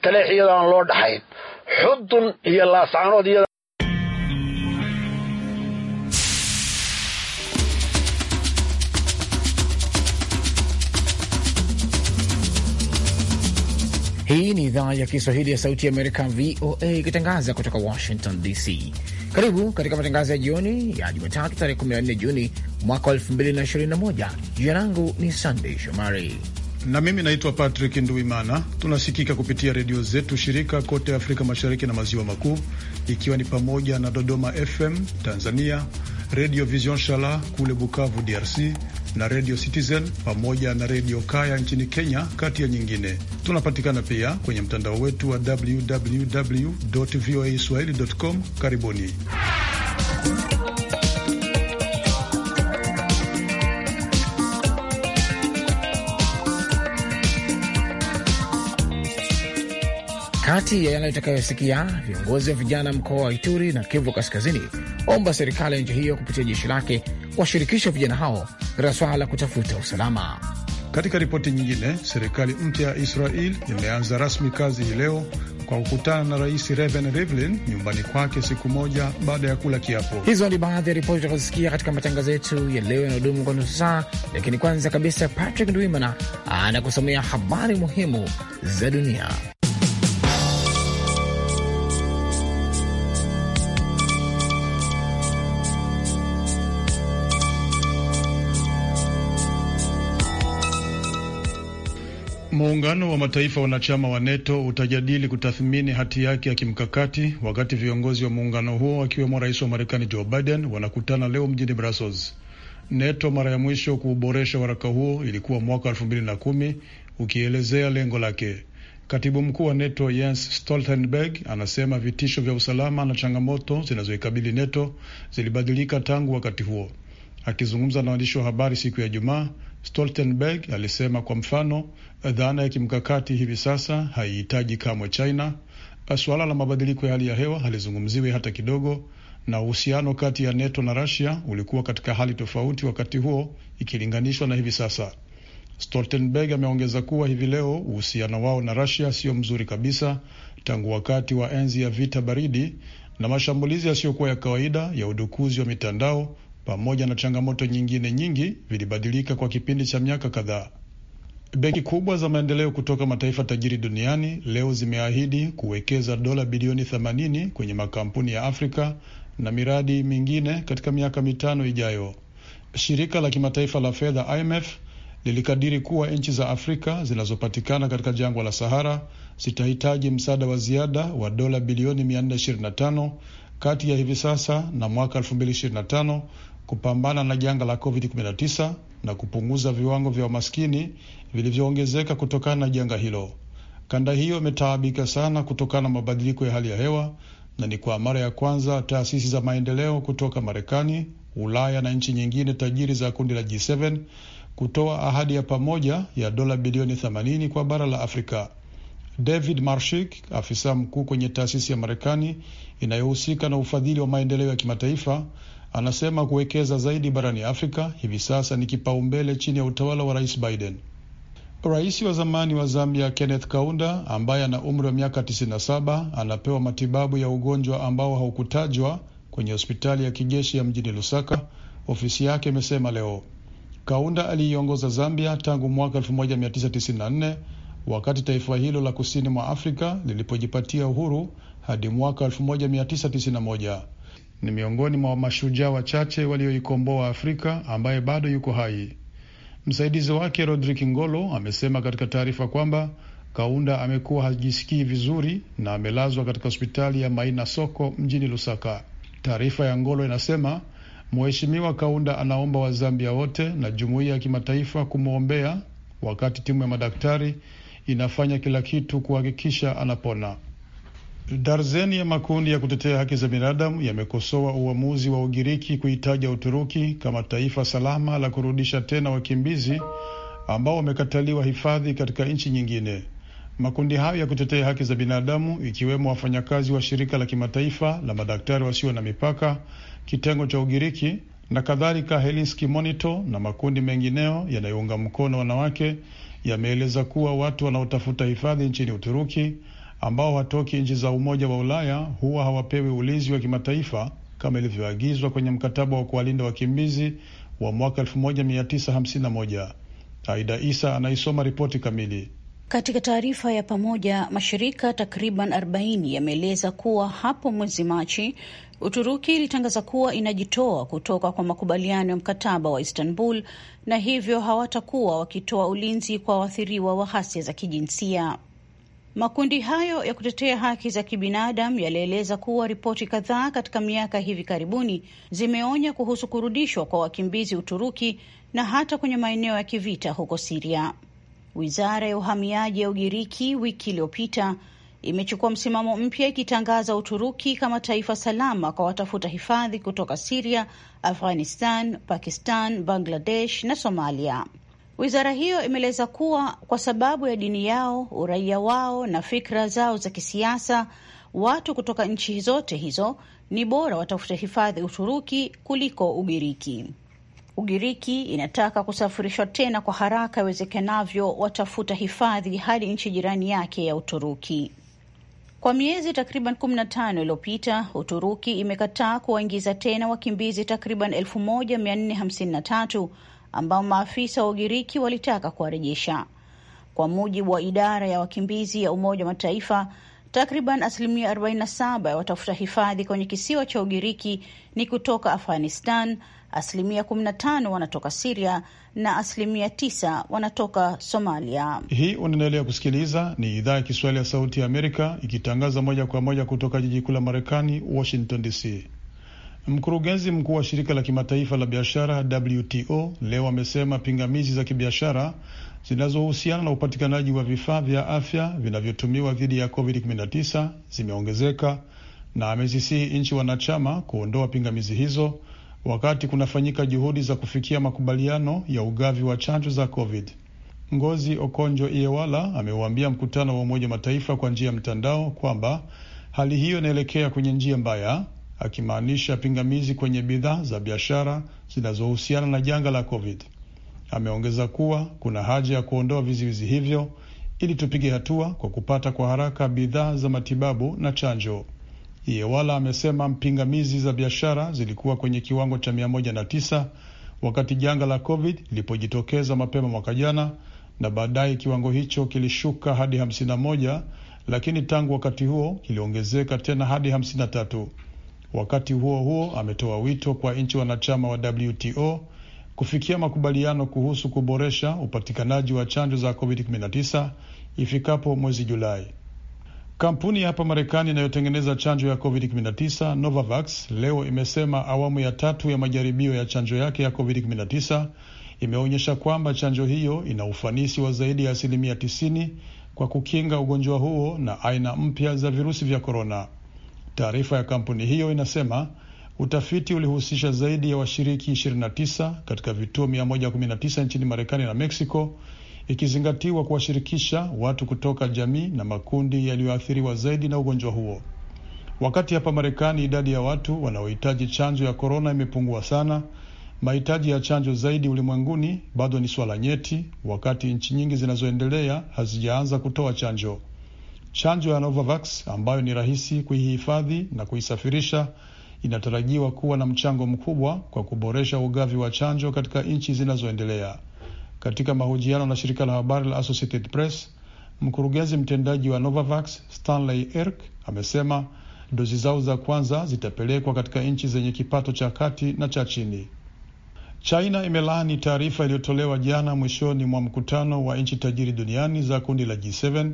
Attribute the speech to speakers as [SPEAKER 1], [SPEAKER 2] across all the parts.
[SPEAKER 1] taleex loo dhaxayn xudun iyo laasaanood iyada
[SPEAKER 2] Hii ni idhaa ya Kiswahili ya Sauti Amerika, VOA, ikitangaza kutoka Washington DC. Karibu katika matangazo ya jioni ya Jumatatu, tarehe 14 Juni mwaka 2021. Jina langu
[SPEAKER 3] ni Sandey Shomari na mimi naitwa Patrick Nduimana. Tunasikika kupitia redio zetu shirika kote Afrika Mashariki na Maziwa Makuu, ikiwa ni pamoja na Dodoma FM Tanzania, Redio Vision Shala kule Bukavu DRC na Redio Citizen pamoja na Redio Kaya nchini Kenya, kati ya nyingine. Tunapatikana pia kwenye mtandao wetu wa www voa swahili com. Karibuni.
[SPEAKER 2] Kati ya yale itakayosikia, viongozi wa vijana mkoa wa Ituri na Kivu Kaskazini omba serikali ya nchi hiyo kupitia jeshi lake kuwashirikisha vijana hao katika swala la kutafuta usalama.
[SPEAKER 3] Katika ripoti nyingine, serikali mpya ya Israel imeanza rasmi kazi hii leo kwa kukutana na Rais reven Rivlin nyumbani kwake siku moja baada ya kula kiapo.
[SPEAKER 2] Hizo ni baadhi ya ripoti utakazosikia katika matangazo yetu ya leo yanayodumu kwa nusu saa, lakini kwanza kabisa, Patrick Ndwimana anakusomea habari muhimu za dunia.
[SPEAKER 3] Muungano wa mataifa wanachama wa NATO utajadili kutathmini hati yake ya kimkakati wakati viongozi wa muungano huo wakiwemo rais wa Marekani Joe Biden wanakutana leo mjini Brussels. NATO mara ya mwisho kuuboresha waraka huo ilikuwa mwaka elfu mbili na kumi ukielezea lengo lake. Katibu mkuu wa NATO Jens Stoltenberg anasema vitisho vya usalama na changamoto zinazoikabili NATO zilibadilika tangu wakati huo. Akizungumza na waandishi wa habari siku ya Ijumaa, Stoltenberg alisema kwa mfano, dhana ya kimkakati hivi sasa haihitaji kamwe China. Suala la mabadiliko ya hali ya hewa halizungumziwi hata kidogo, na uhusiano kati ya NATO na Russia ulikuwa katika hali tofauti wakati huo ikilinganishwa na hivi sasa. Stoltenberg ameongeza kuwa hivi leo uhusiano wao na Russia sio mzuri kabisa tangu wakati wa enzi ya vita baridi na mashambulizi yasiyokuwa ya kawaida ya udukuzi wa mitandao pamoja na changamoto nyingine nyingi vilibadilika kwa kipindi cha miaka kadhaa. Benki kubwa za maendeleo kutoka mataifa tajiri duniani leo zimeahidi kuwekeza dola bilioni 80 kwenye makampuni ya Afrika na miradi mingine katika miaka mitano ijayo. Shirika la kimataifa la fedha IMF lilikadiri kuwa nchi za Afrika zinazopatikana katika jangwa la Sahara zitahitaji msaada wa ziada wa dola bilioni 425 kati ya hivi sasa na mwaka kupambana na janga la COVID-19 na kupunguza viwango vya umaskini vilivyoongezeka kutokana na janga hilo. Kanda hiyo imetaabika sana kutokana na mabadiliko ya hali ya hewa na ni kwa mara ya kwanza taasisi za maendeleo kutoka Marekani, Ulaya na nchi nyingine tajiri za kundi la G7 kutoa ahadi ya pamoja ya dola bilioni 80 kwa bara la Afrika. David Marshik, afisa mkuu kwenye taasisi ya Marekani inayohusika na ufadhili wa maendeleo ya kimataifa, anasema kuwekeza zaidi barani Afrika hivi sasa ni kipaumbele chini ya utawala wa Rais Biden. Rais wa zamani wa Zambia Kenneth Kaunda ambaye ana umri wa miaka 97 anapewa matibabu ya ugonjwa ambao haukutajwa kwenye hospitali ya kijeshi ya mjini Lusaka, ofisi yake imesema leo. Kaunda aliiongoza Zambia tangu mwaka 1994 wakati taifa hilo la kusini mwa Afrika lilipojipatia uhuru hadi mwaka 1991 ni miongoni mwa mashujaa wachache walioikomboa wa Afrika ambaye bado yuko hai. Msaidizi wake Rodrik Ngolo amesema katika taarifa kwamba Kaunda amekuwa hajisikii vizuri na amelazwa katika hospitali ya Maina Soko mjini Lusaka. Taarifa ya Ngolo inasema Mheshimiwa Kaunda anaomba Wazambia wote na jumuiya ya kimataifa kumwombea, wakati timu ya madaktari inafanya kila kitu kuhakikisha anapona. Darzeni ya makundi ya kutetea haki za binadamu yamekosoa uamuzi wa Ugiriki kuitaja Uturuki kama taifa salama la kurudisha tena wakimbizi ambao wamekataliwa hifadhi katika nchi nyingine. Makundi hayo ya kutetea haki za binadamu ikiwemo wafanyakazi wa shirika la kimataifa la madaktari wasio na mipaka kitengo cha Ugiriki na kadhalika, Helsinki Monitor na makundi mengineo yanayounga mkono wanawake yameeleza kuwa watu wanaotafuta hifadhi nchini Uturuki ambao hawatoki nchi za Umoja wa Ulaya huwa hawapewi ulinzi wa kimataifa kama ilivyoagizwa kwenye mkataba wa kuwalinda wakimbizi wa mwaka 1951. Aida Isa anaisoma ripoti kamili.
[SPEAKER 4] Katika taarifa ya pamoja, mashirika takriban 40 yameeleza kuwa hapo mwezi Machi Uturuki ilitangaza kuwa inajitoa kutoka kwa makubaliano ya mkataba wa Istanbul na hivyo hawatakuwa wakitoa ulinzi kwa waathiriwa wa ghasia za kijinsia. Makundi hayo ya kutetea haki za kibinadamu yalieleza kuwa ripoti kadhaa katika miaka hivi karibuni zimeonya kuhusu kurudishwa kwa wakimbizi Uturuki na hata kwenye maeneo ya kivita huko Siria. Wizara ya uhamiaji ya Ugiriki wiki iliyopita imechukua msimamo mpya ikitangaza Uturuki kama taifa salama kwa watafuta hifadhi kutoka Siria, Afghanistan, Pakistan, Bangladesh na Somalia. Wizara hiyo imeeleza kuwa kwa sababu ya dini yao, uraia wao na fikra zao za kisiasa, watu kutoka nchi zote hizo ni bora watafute hifadhi Uturuki kuliko Ugiriki. Ugiriki inataka kusafirishwa tena kwa haraka iwezekanavyo watafuta hifadhi hadi nchi jirani yake ya Uturuki. Kwa miezi takriban 15 iliyopita, Uturuki imekataa kuwaingiza tena wakimbizi takriban 1453 ambao maafisa wa Ugiriki walitaka kuwarejesha. Kwa mujibu wa idara ya wakimbizi ya Umoja wa Mataifa, takriban asilimia 47 ya watafuta hifadhi kwenye kisiwa cha Ugiriki ni kutoka Afghanistan, asilimia 15 wanatoka Siria na asilimia 9 wanatoka Somalia.
[SPEAKER 3] Hii unaendelea kusikiliza, ni idhaa ya Kiswahili ya Sauti ya Amerika ikitangaza moja kwa moja kutoka jiji kuu la Marekani, Washington DC. Mkurugenzi mkuu wa shirika la kimataifa la biashara WTO leo amesema pingamizi za kibiashara zinazohusiana na upatikanaji wa vifaa vya afya vinavyotumiwa dhidi ya COVID-19 zimeongezeka na amezisihi nchi wanachama kuondoa pingamizi hizo wakati kunafanyika juhudi za kufikia makubaliano ya ugavi wa chanjo za COVID. Ngozi Okonjo Iweala amewaambia mkutano wa Umoja Mataifa kwa njia ya mtandao kwamba hali hiyo inaelekea kwenye njia mbaya akimaanisha pingamizi kwenye bidhaa za biashara zinazohusiana na janga la COVID. Ameongeza kuwa kuna haja ya kuondoa vizuizi hivyo ili tupige hatua kwa kupata kwa haraka bidhaa za matibabu na chanjo. Yewala amesema pingamizi za biashara zilikuwa kwenye kiwango cha 109 wakati janga la COVID lilipojitokeza mapema mwaka jana, na baadaye kiwango hicho kilishuka hadi 51, lakini tangu wakati huo kiliongezeka tena hadi 53. Wakati huo huo, ametoa wito kwa nchi wanachama wa WTO kufikia makubaliano kuhusu kuboresha upatikanaji wa chanjo za COVID-19 ifikapo mwezi Julai. Kampuni ya hapa Marekani inayotengeneza chanjo ya COVID-19 Novavax leo imesema awamu ya tatu ya majaribio ya chanjo yake ya COVID-19 imeonyesha kwamba chanjo hiyo ina ufanisi wa zaidi ya asilimia 90 kwa kukinga ugonjwa huo na aina mpya za virusi vya korona. Taarifa ya kampuni hiyo inasema utafiti ulihusisha zaidi ya washiriki 29 katika vituo 119 nchini Marekani na Meksiko, ikizingatiwa kuwashirikisha watu kutoka jamii na makundi yaliyoathiriwa zaidi na ugonjwa huo. Wakati hapa Marekani idadi ya watu wanaohitaji chanjo ya korona imepungua sana, mahitaji ya chanjo zaidi ulimwenguni bado ni swala nyeti, wakati nchi nyingi zinazoendelea hazijaanza kutoa chanjo. Chanjo ya Novavax ambayo ni rahisi kuihifadhi na kuisafirisha inatarajiwa kuwa na mchango mkubwa kwa kuboresha ugavi wa chanjo katika nchi zinazoendelea. Katika mahojiano na shirika la habari la Associated Press, mkurugenzi mtendaji wa Novavax Stanley Erk amesema dozi zao za kwanza zitapelekwa katika nchi zenye kipato cha kati na cha chini. China imelaani taarifa iliyotolewa jana mwishoni mwa mkutano wa nchi tajiri duniani za kundi la G7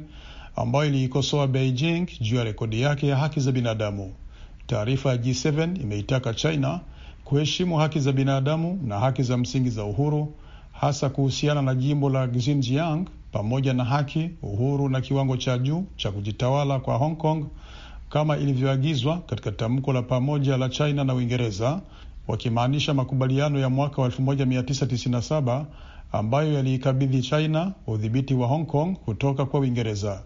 [SPEAKER 3] ambayo iliikosoa Beijing juu ya rekodi yake ya haki za binadamu. Taarifa ya G7 imeitaka China kuheshimu haki za binadamu na haki za msingi za uhuru, hasa kuhusiana na jimbo la Xinjiang, pamoja na haki, uhuru na kiwango cha juu cha kujitawala kwa Hong Kong kama ilivyoagizwa katika tamko la pamoja la China na Uingereza, wakimaanisha makubaliano ya mwaka wa 1997 ambayo yaliikabidhi China udhibiti wa Hong Kong kutoka kwa Uingereza.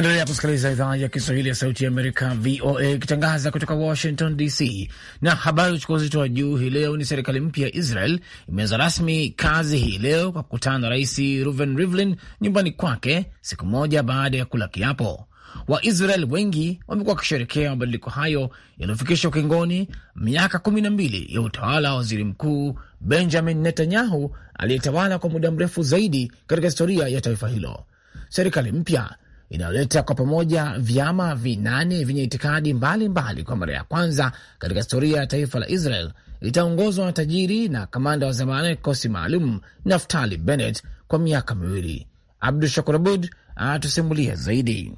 [SPEAKER 2] Naendelea kusikiliza idhaa ya Kiswahili ya Sauti ya Amerika, VOA, ikitangaza kutoka Washington DC. Na habari uchukua uzito wa juu hii leo ni serikali mpya ya Israel imeanza rasmi kazi hii leo kwa kukutana na Rais Ruven Rivlin nyumbani kwake siku moja baada ya kula kiapo. Waisrael wengi wamekuwa wakisherekea mabadiliko hayo yaliyofikisha ukingoni miaka kumi na mbili ya utawala wa waziri mkuu Benjamin Netanyahu aliyetawala kwa muda mrefu zaidi katika historia ya taifa hilo. Serikali mpya inayoleta kwa pamoja vyama vinane vyenye itikadi mbalimbali kwa mara ya kwanza katika historia ya taifa la Israel itaongozwa na tajiri na kamanda wa zamani kikosi maalum Naftali
[SPEAKER 5] Bennett kwa miaka miwili. Abdu Shakur Abud anatusimulia zaidi.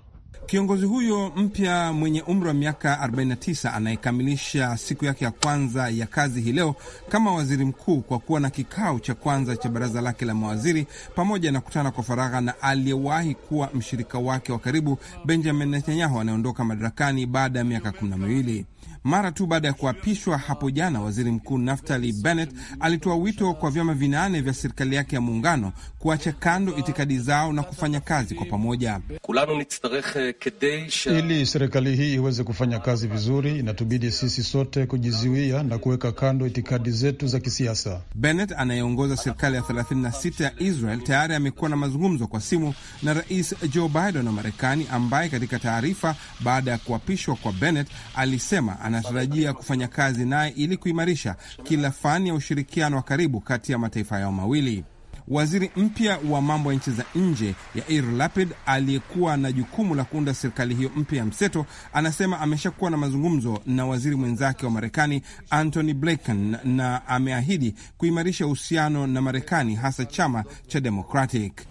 [SPEAKER 5] Kiongozi huyo mpya mwenye umri wa miaka 49 anayekamilisha siku yake ya kwanza ya kazi hii leo kama waziri mkuu kwa kuwa na kikao cha kwanza cha baraza lake la mawaziri, pamoja na kutana kwa faragha na aliyewahi kuwa mshirika wake wa karibu Benjamin Netanyahu anayeondoka madarakani baada ya miaka kumi na miwili. Mara tu baada ya kuapishwa hapo jana, waziri mkuu Naftali Bennett alitoa wito kwa vyama vinane vya serikali yake ya muungano kuacha kando itikadi zao na kufanya kazi kwa pamoja.
[SPEAKER 6] Eh,
[SPEAKER 3] Ili serikali hii iweze kufanya kazi vizuri, inatubidi sisi sote kujizuia na kuweka kando itikadi zetu za kisiasa.
[SPEAKER 5] Bennett anayeongoza serikali ya 36 ya Israel tayari amekuwa na mazungumzo kwa simu na rais Joe Biden wa Marekani, ambaye katika taarifa baada ya kuapishwa kwa Bennett alisema anatarajia kufanya kazi naye ili kuimarisha kila fani ya ushirikiano wa karibu kati ya mataifa yao mawili. Waziri mpya wa mambo ya nchi za nje Yair Lapid, aliyekuwa na jukumu la kuunda serikali hiyo mpya ya mseto, anasema ameshakuwa na mazungumzo na waziri mwenzake wa Marekani Antony Blinken na ameahidi kuimarisha uhusiano na Marekani, hasa chama cha Democratic.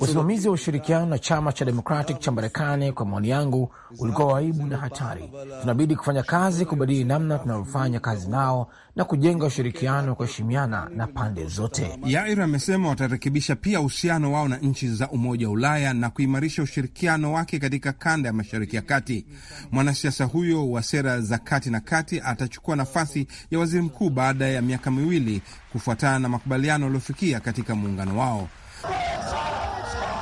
[SPEAKER 2] Usimamizi wa ushirikiano na chama cha Democratic cha Marekani, kwa maoni yangu, ulikuwa waibu na hatari. Tunabidi kufanya kazi kubadili namna tunavyofanya kazi nao na kujenga ushirikiano wa kuheshimiana na pande zote.
[SPEAKER 5] Yair amesema watarekebisha pia uhusiano wao na nchi za Umoja wa Ulaya na kuimarisha ushirikiano wake katika kanda ya Mashariki ya Kati. Mwanasiasa huyo wa sera za kati na kati atachukua nafasi ya waziri mkuu baada ya miaka miwili kufuatana na makubaliano waliofikia katika muungano wao.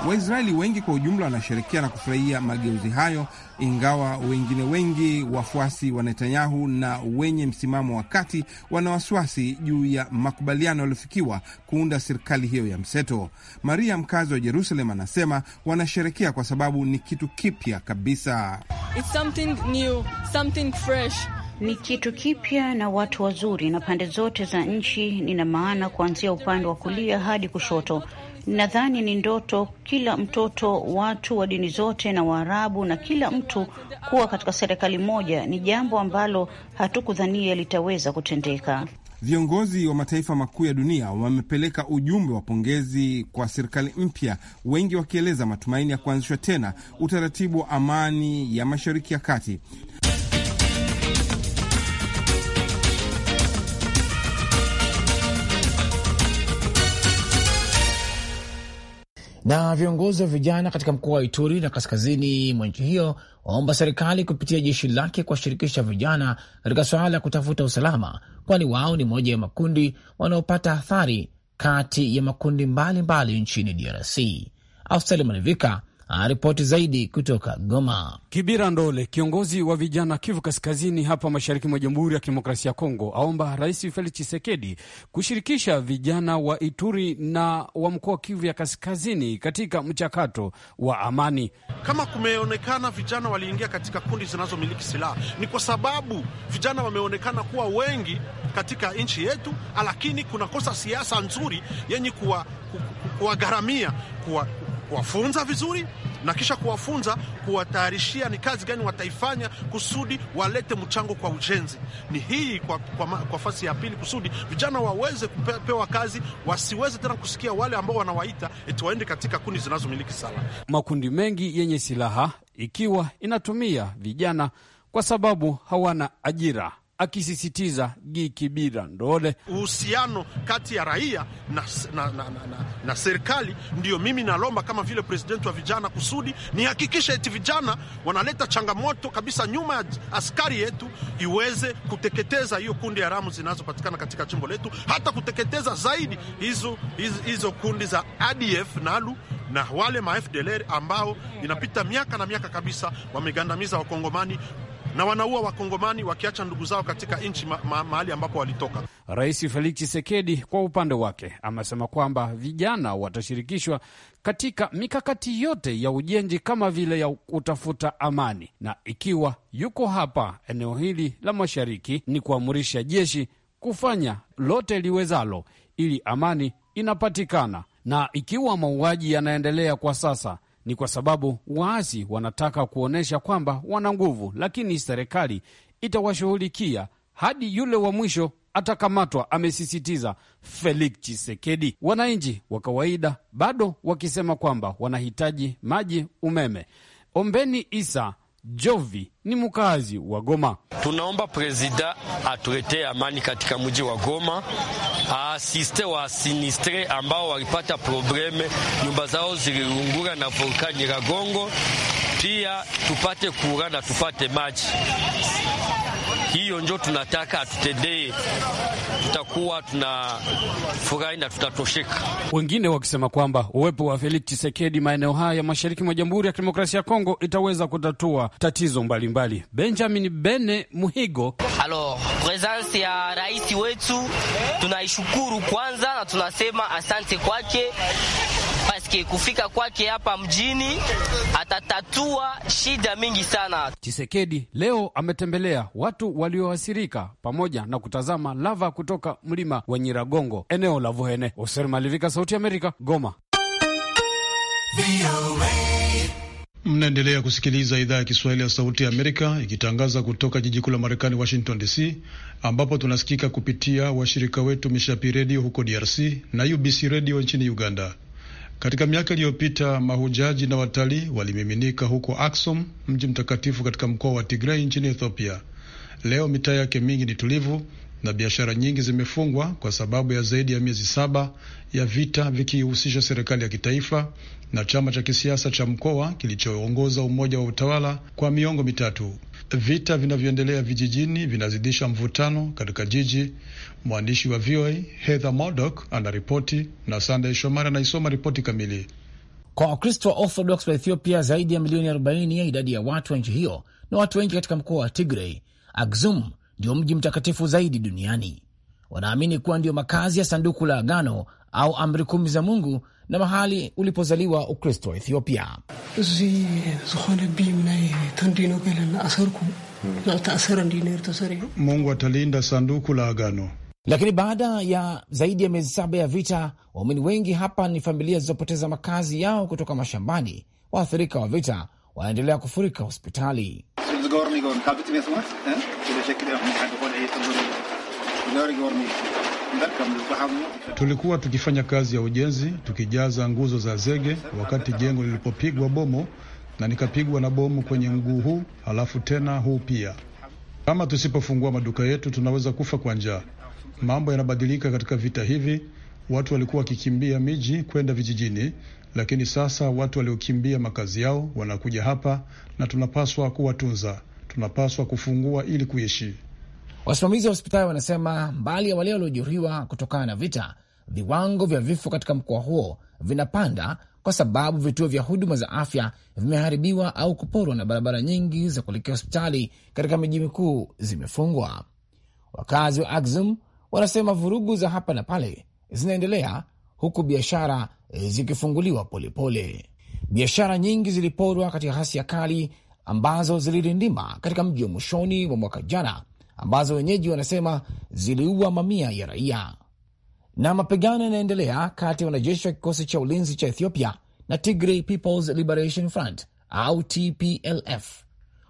[SPEAKER 5] Waisraeli wengi kwa ujumla wanasherekea na kufurahia mageuzi hayo, ingawa wengine wengi wafuasi wa Netanyahu na wenye msimamo wa kati wana wasiwasi juu ya makubaliano yaliyofikiwa kuunda serikali hiyo ya mseto. Maria, mkazi wa Jerusalem, anasema wanasherekea kwa sababu ni kitu kipya kabisa.
[SPEAKER 4] It's something new, something fresh ni kitu kipya na watu wazuri na pande zote za nchi, nina maana kuanzia upande wa kulia hadi kushoto. Nadhani ni ndoto kila mtoto, watu wa dini zote na Waarabu na kila mtu kuwa katika serikali moja, ni jambo ambalo hatukudhania litaweza kutendeka.
[SPEAKER 5] Viongozi wa mataifa makuu ya dunia wamepeleka ujumbe wa pongezi kwa serikali mpya, wengi wakieleza matumaini ya kuanzishwa tena utaratibu wa amani ya Mashariki ya Kati.
[SPEAKER 2] Na viongozi wa vijana katika mkoa wa Ituri na kaskazini mwa nchi hiyo waomba serikali kupitia jeshi lake kuwashirikisha vijana katika suala la kutafuta usalama, kwani wao ni moja ya makundi wanaopata athari kati ya makundi mbalimbali mbali nchini DRC. Afsali Malivika Ripoti zaidi kutoka Goma.
[SPEAKER 7] Kibira Ndole, kiongozi wa vijana Kivu Kaskazini hapa mashariki mwa Jamhuri ya Kidemokrasia ya Kongo, aomba Rais Felix Tshisekedi kushirikisha vijana wa Ituri na wa mkoa wa Kivu ya Kaskazini katika mchakato wa amani.
[SPEAKER 1] Kama kumeonekana vijana waliingia katika kundi zinazomiliki silaha, ni kwa sababu vijana wameonekana kuwa wengi katika nchi yetu, lakini kunakosa siasa nzuri yenye kuwagharamia kuwa, kuwa kuwafunza vizuri na kisha kuwafunza kuwatayarishia ni kazi gani wataifanya kusudi walete mchango kwa ujenzi. Ni hii kwa, kwa, kwa fasi ya pili, kusudi vijana waweze kupewa kazi, wasiweze tena kusikia wale ambao wanawaita eti waende katika kundi zinazomiliki sala.
[SPEAKER 7] Makundi mengi yenye silaha ikiwa inatumia vijana kwa sababu hawana ajira akisisitiza Gikibira Ndole, uhusiano kati
[SPEAKER 1] ya raia na, na, na, na, na, na serikali. ndio mimi nalomba kama vile presidenti wa vijana kusudi nihakikishe eti vijana wanaleta changamoto kabisa nyuma ya askari yetu iweze kuteketeza hiyo kundi haramu zinazopatikana katika jimbo letu, hata kuteketeza zaidi hizo, hizo, hizo kundi za ADF NALU na wale ma FDLR ambao inapita miaka na miaka kabisa wamegandamiza wakongomani na wanaua Wakongomani wakiacha ndugu zao katika nchi ma ma mahali ambapo walitoka.
[SPEAKER 7] Rais Felix Tshisekedi kwa upande wake amesema kwamba vijana watashirikishwa katika mikakati yote ya ujenzi kama vile ya kutafuta amani, na ikiwa yuko hapa eneo hili la mashariki ni kuamrisha jeshi kufanya lote liwezalo ili amani inapatikana, na ikiwa mauaji yanaendelea kwa sasa ni kwa sababu waasi wanataka kuonyesha kwamba wana nguvu, lakini serikali itawashughulikia hadi yule wa mwisho atakamatwa, amesisitiza Felix chisekedi Wananchi wa kawaida bado wakisema kwamba wanahitaji maji, umeme. Ombeni Isa Jovi ni mkazi wa Goma. Tunaomba prezida atuletee amani katika mji wa Goma, aasiste ah, wa sinistre ambao walipata probleme, nyumba zao zilirungura na volkani Nyiragongo, pia tupate kura na tupate maji hiyo njo tunataka atutendee, tutakuwa tuna furahi na tutatosheka. Wengine wakisema kwamba uwepo wa Felix Tshisekedi maeneo haya ya mashariki mwa Jamhuri ya Kidemokrasia ya Kongo itaweza kutatua tatizo mbalimbali mbali. Benjamin Bene Muhigo
[SPEAKER 8] alo presence ya rais wetu tunaishukuru kwanza, na tunasema asante kwake paske kufika kwake hapa mjini atatatua shida mingi sana.
[SPEAKER 7] Chisekedi leo ametembelea watu walioathirika pamoja na kutazama lava kutoka mlima wa Nyiragongo eneo la Vuhene. Oser Malivika, Sauti Amerika, Goma.
[SPEAKER 3] Mnaendelea kusikiliza idhaa ya Kiswahili ya Sauti ya Amerika ikitangaza kutoka jiji kuu la Marekani, Washington DC, ambapo tunasikika kupitia washirika wetu Mishapi Redio huko DRC na UBC Redio nchini Uganda. Katika miaka iliyopita mahujaji na watalii walimiminika huko Aksum, mji mtakatifu katika mkoa wa tigrei nchini Ethiopia. Leo mitaa yake mingi ni tulivu na biashara nyingi zimefungwa kwa sababu ya zaidi ya miezi saba ya vita vikihusisha serikali ya kitaifa na chama cha kisiasa cha mkoa kilichoongoza umoja wa utawala kwa miongo mitatu. Vita vinavyoendelea vijijini vinazidisha mvutano katika jiji. Mwandishi wa VOA Heather Murdock anaripoti na Sandey Shomari anaisoma ripoti kamili. Kwa Wakristo wa Orthodox
[SPEAKER 2] wa Ethiopia, zaidi ya milioni 40 ya idadi ya watu wa nchi hiyo na watu wengi katika mkoa wa Tigrey, Akzum ndio mji mtakatifu zaidi duniani. Wanaamini kuwa ndio makazi ya sanduku la agano au amri kumi za Mungu na mahali ulipozaliwa Ukristo wa Ethiopia.
[SPEAKER 5] E, hmm.
[SPEAKER 3] Mungu atalinda sanduku la agano. Lakini baada ya zaidi ya miezi
[SPEAKER 2] saba ya vita, waumini wengi hapa ni familia zilizopoteza makazi yao kutoka mashambani. Waathirika wa vita wanaendelea kufurika hospitali.
[SPEAKER 5] Äh?
[SPEAKER 3] Tulikuwa tukifanya kazi ya ujenzi tukijaza nguzo za zege, wakati jengo lilipopigwa bomo, na nikapigwa na bomu kwenye mguu huu, halafu tena huu pia. Kama tusipofungua maduka yetu, tunaweza kufa kwa njaa. Mambo yanabadilika katika vita hivi. Watu walikuwa wakikimbia miji kwenda vijijini, lakini sasa watu waliokimbia makazi yao wanakuja hapa na tunapaswa kuwatunza, tunapaswa kufungua ili kuishi. Wasimamizi wa hospitali wanasema mbali ya wale waliojeruhiwa kutokana na vita,
[SPEAKER 2] viwango vya vifo katika mkoa huo vinapanda kwa sababu vituo vya huduma za afya vimeharibiwa au kuporwa na barabara nyingi za kuelekea hospitali katika miji mikuu zimefungwa. Wakazi wa Axum wanasema vurugu za hapa na pale zinaendelea huku biashara eh, zikifunguliwa polepole. Biashara nyingi ziliporwa katika ghasia kali ambazo zilirindima katika mji wa mwishoni mwa mwaka jana, ambazo wenyeji wanasema ziliua mamia ya raia. Na mapigano yanaendelea kati ya wanajeshi wa kikosi cha ulinzi cha Ethiopia na Tigray People's Liberation Front au TPLF.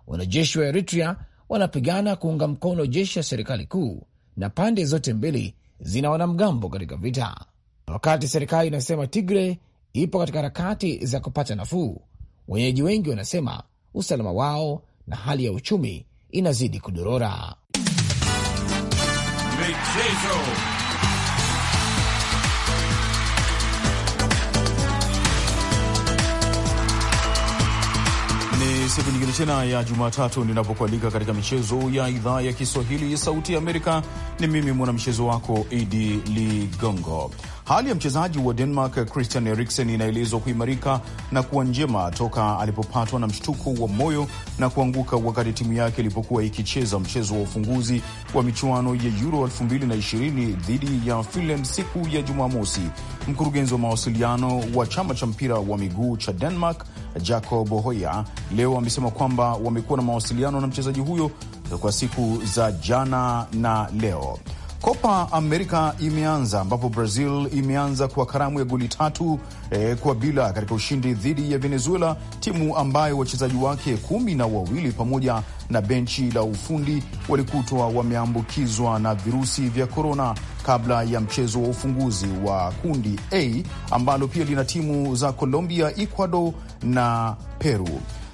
[SPEAKER 2] Wanajeshi wa Eritrea wanapigana kuunga mkono jeshi ya serikali kuu, na pande zote mbili zina wanamgambo katika vita. Wakati serikali inasema Tigre ipo katika harakati za kupata nafuu, wenyeji wengi wanasema usalama wao na hali ya uchumi inazidi kudorora.
[SPEAKER 7] Michezo.
[SPEAKER 9] Ni siku nyingine tena ya Jumatatu ninapokualika katika michezo ya idhaa ya Kiswahili ya Sauti ya Amerika. Ni mimi mwanamchezo wako Idi Ligongo. Hali ya mchezaji wa Denmark Christian Eriksen inaelezwa kuimarika na kuwa njema toka alipopatwa na mshtuko wa moyo na kuanguka wakati timu yake ilipokuwa ikicheza mchezo wa ufunguzi wa michuano ya Euro 2020 dhidi ya Finland siku ya Jumamosi. Mkurugenzi wa mawasiliano wa chama cha mpira wa miguu cha Denmark Jacob Hoya leo amesema kwamba wamekuwa na mawasiliano na mchezaji huyo kwa siku za jana na leo. Copa America imeanza ambapo Brazil imeanza kwa karamu ya goli tatu eh, kwa bila katika ushindi dhidi ya Venezuela, timu ambayo wachezaji wake kumi na wawili pamoja na benchi la ufundi walikutwa wameambukizwa na virusi vya korona kabla ya mchezo wa ufunguzi wa kundi A ambalo pia lina timu za Colombia, Ecuador na Peru.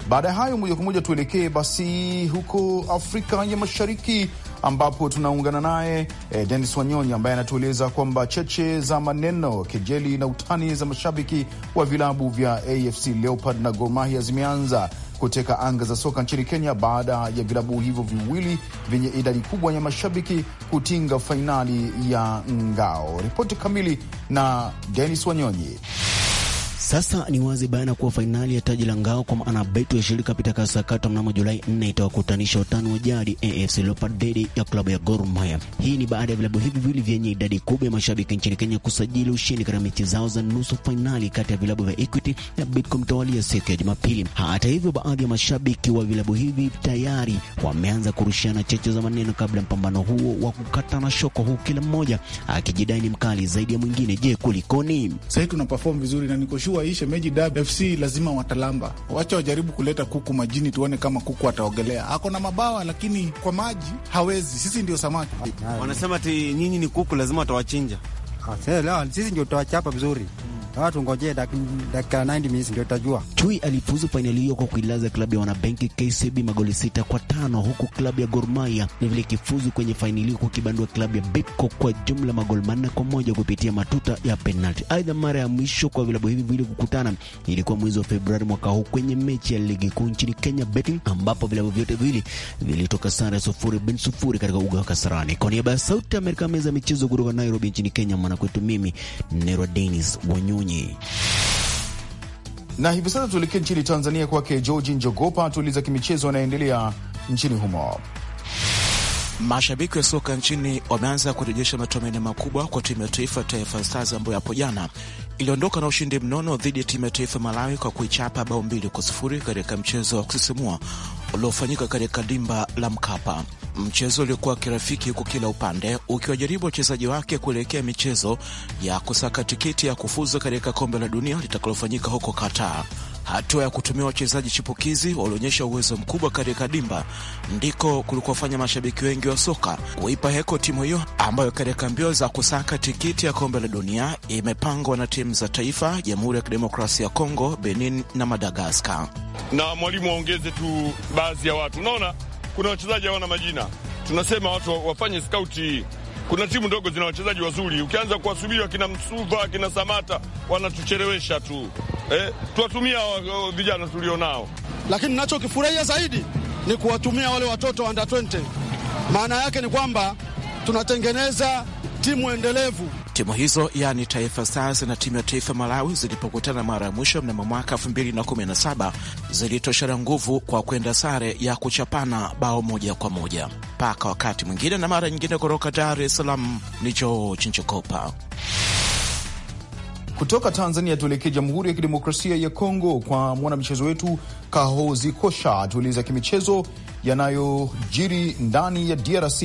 [SPEAKER 9] Baada ya hayo moja kwa moja tuelekee basi huko Afrika ya Mashariki ambapo tunaungana naye eh, Denis Wanyonyi ambaye anatueleza kwamba cheche za maneno, kejeli na utani za mashabiki wa vilabu vya AFC Leopard na Gor Mahia zimeanza kuteka anga za soka nchini Kenya baada ya vilabu hivyo viwili vyenye idadi kubwa ya mashabiki kutinga fainali ya ngao. Ripoti kamili na Denis Wanyonyi.
[SPEAKER 10] Sasa ni wazi bayana kuwa fainali ya taji la ngao kwa maana betu ya shirika itakayosakatwa mnamo Julai 4 itawakutanisha watano wa jadi AFC Leopards dhidi ya klabu ya Gor Mahia. Hii ni baada ya vilabu hivi viwili vyenye idadi kubwa ya mashabiki nchini Kenya kusajili ushindi katika mechi zao za nusu fainali kati ya vilabu vya Equity na Bidco mtawalia siku ya Jumapili. Hata hivyo, baadhi ya mashabiki wa vilabu hivi tayari wameanza kurushiana cheche za maneno kabla mpambano huo wa kukata na shoko, huu kila mmoja akijidai ni mkali zaidi ya mwingine. Je, kulikoni?
[SPEAKER 9] Sasa tuna perform vizuri na niko sure kuua hii shemeji Dab FC lazima watalamba. Wacha wajaribu kuleta kuku majini, tuone kama kuku ataogelea. Ako na mabawa, lakini kwa maji
[SPEAKER 10] hawezi. Sisi ndio samaki. Wanasema ati nyinyi ni kuku, lazima watawachinja. Ah, sisi ndio tutawachapa vizuri watu ngojee dakika 90 minutes ndio tutajua. Chui alifuzu fainali hiyo kwa kuilaza klabu ya wanabenki KCB magoli sita kwa tano huku klabu ya Gor Mahia ni vile ikifuzu kwenye fainali hiyo kwa kibandua klabu ya Bidco kwa jumla magoli manne kwa moja kupitia matuta ya penalti. Aidha, mara ya mwisho kwa vilabu hivi viwili kukutana ilikuwa mwezi wa Februari mwaka huu kwenye mechi ya ligi kuu nchini Kenya Betting, ambapo vilabu vyote viwili vilitoka sare sufuri bin sufuri katika uga wa Kasarani. Kwa niaba ya Sauti ya Amerika, meza ya michezo kutoka Nairobi nchini Kenya, mwanakwetu mimi Nero Dennis Wanyonyi. Amunyi. Na hivi sasa tuelekee nchini
[SPEAKER 11] Tanzania, kwake Georgi Njogopa tuuliza kimichezo anaendelea nchini humo. Mashabiki wa soka nchini wameanza kurejesha matumaini makubwa kwa timu ya taifa Taifa Stars ambayo hapo jana iliondoka na ushindi mnono dhidi ya timu ya taifa Malawi kwa kuichapa bao mbili kwa sufuri katika mchezo wa kusisimua uliofanyika katika dimba la Mkapa. Mchezo uliokuwa kirafiki kwa kila upande, ukiwajaribu wachezaji wake kuelekea michezo ya kusaka tikiti ya kufuzu katika kombe la dunia litakalofanyika huko Qatar hatua ya kutumia wachezaji chipukizi walionyesha uwezo mkubwa katika dimba ndiko kulikofanya mashabiki wengi wa soka kuipa heko timu hiyo ambayo katika mbio za kusaka tikiti ya kombe la dunia imepangwa na timu za taifa Jamhuri ya Kidemokrasia ya Kongo, Benin na Madagaskar.
[SPEAKER 1] Na mwalimu waongeze tu baadhi ya watu, unaona kuna wachezaji hawana majina, tunasema watu wafanye skauti kuna timu ndogo zina wachezaji wazuri, ukianza kuwasubiri wakina Msuva, akina Samata wanatuchelewesha tu eh, tuwatumia uh, vijana tulionao, lakini nachokifurahia zaidi ni kuwatumia wale watoto under 20. Maana yake ni kwamba tunatengeneza timu endelevu. Timu hizo
[SPEAKER 11] yaani Taifa Stars na timu ya taifa Malawi zilipokutana mara ya mwisho mnamo mwaka 2017 zilitoshana nguvu kwa kwenda sare ya kuchapana bao moja kwa moja. Mpaka wakati mwingine na mara nyingine, kutoka Dar es Salaam ni George Njokopa.
[SPEAKER 9] Kutoka Tanzania tuelekee Jamhuri ya Kidemokrasia ya Kongo kwa mwanamchezo wetu Kahozi Kosha atueleza kimichezo yanayojiri ndani ya
[SPEAKER 6] DRC.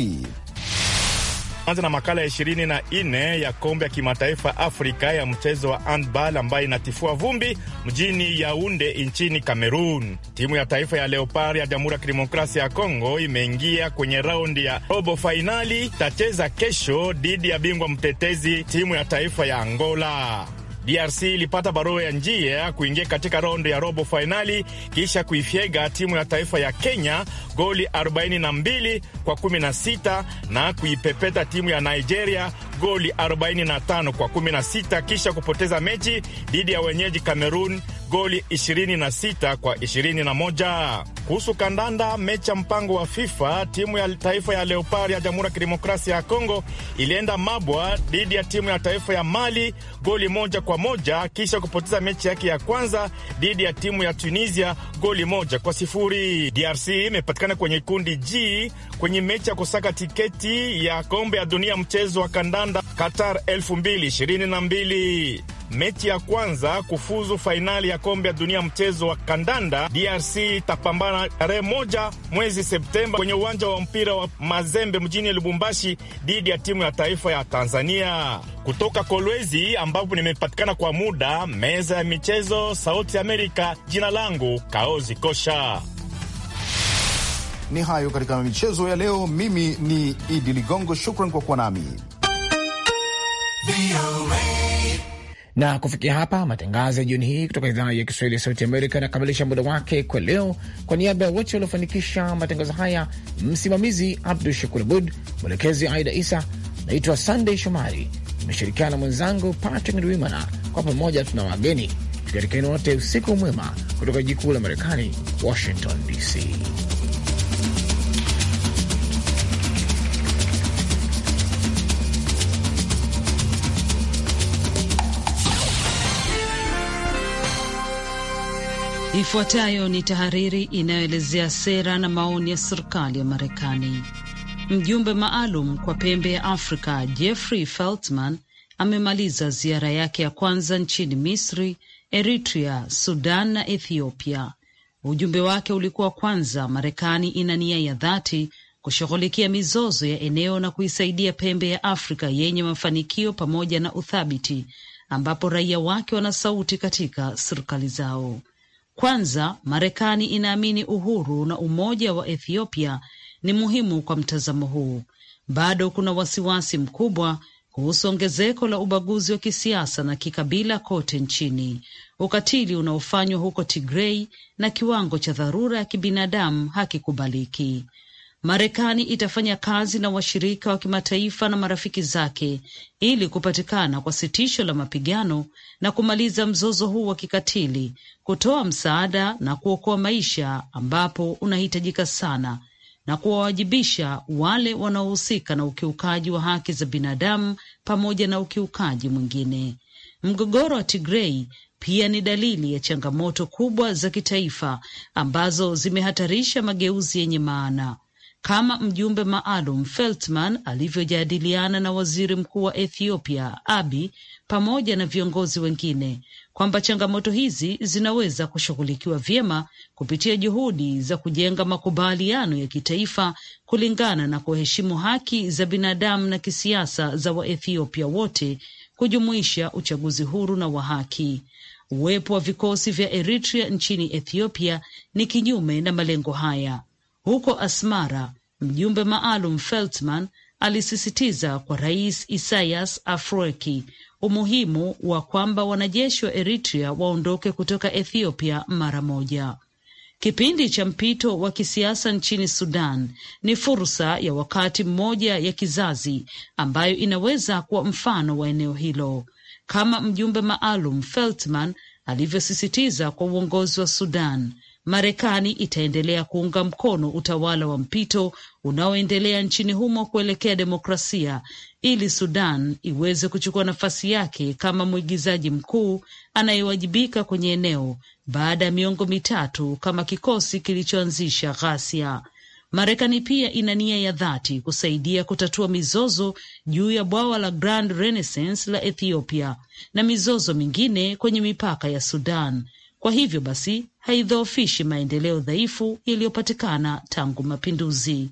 [SPEAKER 6] Anza na makala ya ishirini na nne ya kombe ya kimataifa Afrika ya mchezo wa handball ambayo inatifua vumbi mjini Yaunde nchini Kamerun. Timu ya taifa ya Leopard ya Jamhuri ya Kidemokrasia ya Kongo imeingia kwenye raundi ya robo fainali, itacheza kesho dhidi ya bingwa mtetezi timu ya taifa ya Angola. DRC ilipata barua ya njia kuingia katika raundi ya robo fainali kisha kuifyega timu ya taifa ya Kenya goli 42 kwa 16 na kuipepeta timu ya Nigeria goli 45 kwa 16 kisha kupoteza mechi dhidi ya wenyeji Cameroon goli 26 kwa 21. Kuhusu kandanda, mechi ya mpango wa FIFA, timu ya taifa ya Leopard ya Jamhuri ya Kidemokrasia ya Kongo ilienda mabwa dhidi ya timu ya taifa ya Mali goli moja kwa moja kisha kupoteza mechi yake ya kwanza dhidi ya timu ya Tunisia goli moja kwa sifuri. DRC imepatikana kwenye kundi G kwenye mechi ya kusaka tiketi ya kombe ya dunia mchezo wa kandanda Qatar 2022 mechi ya kwanza kufuzu fainali ya kombe ya dunia mchezo wa kandanda DRC itapambana mara tarehe moja mwezi Septemba kwenye uwanja wa mpira wa Mazembe mjini Lubumbashi dhidi ya timu ya taifa ya Tanzania kutoka Kolwezi, ambapo nimepatikana kwa muda. Meza ya michezo, Sauti Amerika. Jina langu Kaozi Kosha.
[SPEAKER 9] Ni hayo katika michezo ya leo. Mimi ni Idi Ligongo, shukran kwa kuwa nami.
[SPEAKER 2] Na kufikia hapa matangazo ya jioni hii kutoka idhaa ya Kiswahili ya Sauti Amerika yanakamilisha muda wake kwa leo. Kwa niaba ya wote waliofanikisha matangazo haya, msimamizi Abdu Shakur Abud, mwelekezi Aida Isa, naitwa Sandey Shomari, nimeshirikiana na mwenzangu Patrick Ndwimana. Kwa pamoja tuna wageni tukiatikani wote, usiku mwema kutoka jikuu la Marekani, Washington DC.
[SPEAKER 8] Ifuatayo ni tahariri inayoelezea sera na maoni ya serikali ya Marekani. Mjumbe maalum kwa pembe ya Afrika Jeffrey Feltman amemaliza ziara yake ya kwanza nchini Misri, Eritrea, Sudan na Ethiopia. Ujumbe wake ulikuwa kwanza, Marekani ina nia ya dhati kushughulikia mizozo ya eneo na kuisaidia pembe ya Afrika yenye mafanikio pamoja na uthabiti, ambapo raia wake wana sauti katika serikali zao. Kwanza, Marekani inaamini uhuru na umoja wa Ethiopia ni muhimu kwa mtazamo huu. Bado kuna wasiwasi mkubwa kuhusu ongezeko la ubaguzi wa kisiasa na kikabila kote nchini, ukatili unaofanywa huko Tigrei, na kiwango cha dharura ya kibinadamu hakikubaliki. Marekani itafanya kazi na washirika wa kimataifa na marafiki zake ili kupatikana kwa sitisho la mapigano na kumaliza mzozo huu wa kikatili, kutoa msaada na kuokoa maisha ambapo unahitajika sana, na kuwawajibisha wale wanaohusika na ukiukaji wa haki za binadamu pamoja na ukiukaji mwingine. Mgogoro wa Tigrei pia ni dalili ya changamoto kubwa za kitaifa ambazo zimehatarisha mageuzi yenye maana kama mjumbe maalum Feltman alivyojadiliana na waziri mkuu wa Ethiopia Abiy pamoja na viongozi wengine kwamba changamoto hizi zinaweza kushughulikiwa vyema kupitia juhudi za kujenga makubaliano ya kitaifa kulingana na kuheshimu haki za binadamu na kisiasa za Waethiopia wote kujumuisha uchaguzi huru na wa haki. Uwepo wa vikosi vya Eritrea nchini Ethiopia ni kinyume na malengo haya. Huko Asmara, mjumbe maalum Feltman alisisitiza kwa Rais Isaias Afwerki umuhimu wa kwamba wanajeshi wa Eritrea waondoke kutoka Ethiopia mara moja. Kipindi cha mpito wa kisiasa nchini Sudan ni fursa ya wakati mmoja ya kizazi ambayo inaweza kuwa mfano wa eneo hilo, kama mjumbe maalum Feltman alivyosisitiza kwa uongozi wa Sudan. Marekani itaendelea kuunga mkono utawala wa mpito unaoendelea nchini humo kuelekea demokrasia ili Sudan iweze kuchukua nafasi yake kama mwigizaji mkuu anayewajibika kwenye eneo baada ya miongo mitatu kama kikosi kilichoanzisha ghasia. Marekani pia ina nia ya dhati kusaidia kutatua mizozo juu ya bwawa la Grand Renaissance la Ethiopia na mizozo mingine kwenye mipaka ya Sudan kwa hivyo basi haidhoofishi maendeleo dhaifu yaliyopatikana tangu mapinduzi.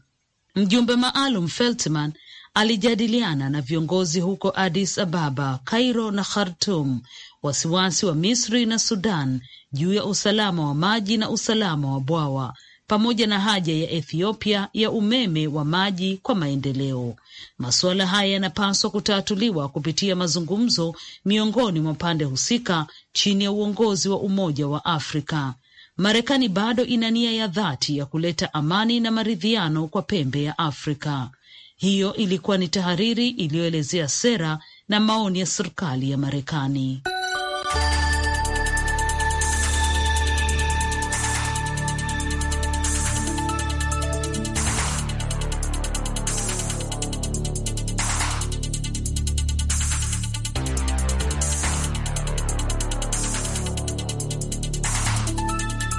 [SPEAKER 8] Mjumbe maalum Feltman alijadiliana na viongozi huko Addis Ababa, Cairo na Khartum wasiwasi wa Misri na Sudan juu ya usalama wa maji na usalama wa bwawa pamoja na haja ya Ethiopia ya umeme wa maji kwa maendeleo. Masuala haya yanapaswa kutatuliwa kupitia mazungumzo miongoni mwa pande husika chini ya uongozi wa Umoja wa Afrika. Marekani bado ina nia ya dhati ya kuleta amani na maridhiano kwa pembe ya Afrika. Hiyo ilikuwa ni tahariri iliyoelezea sera na maoni ya serikali ya Marekani.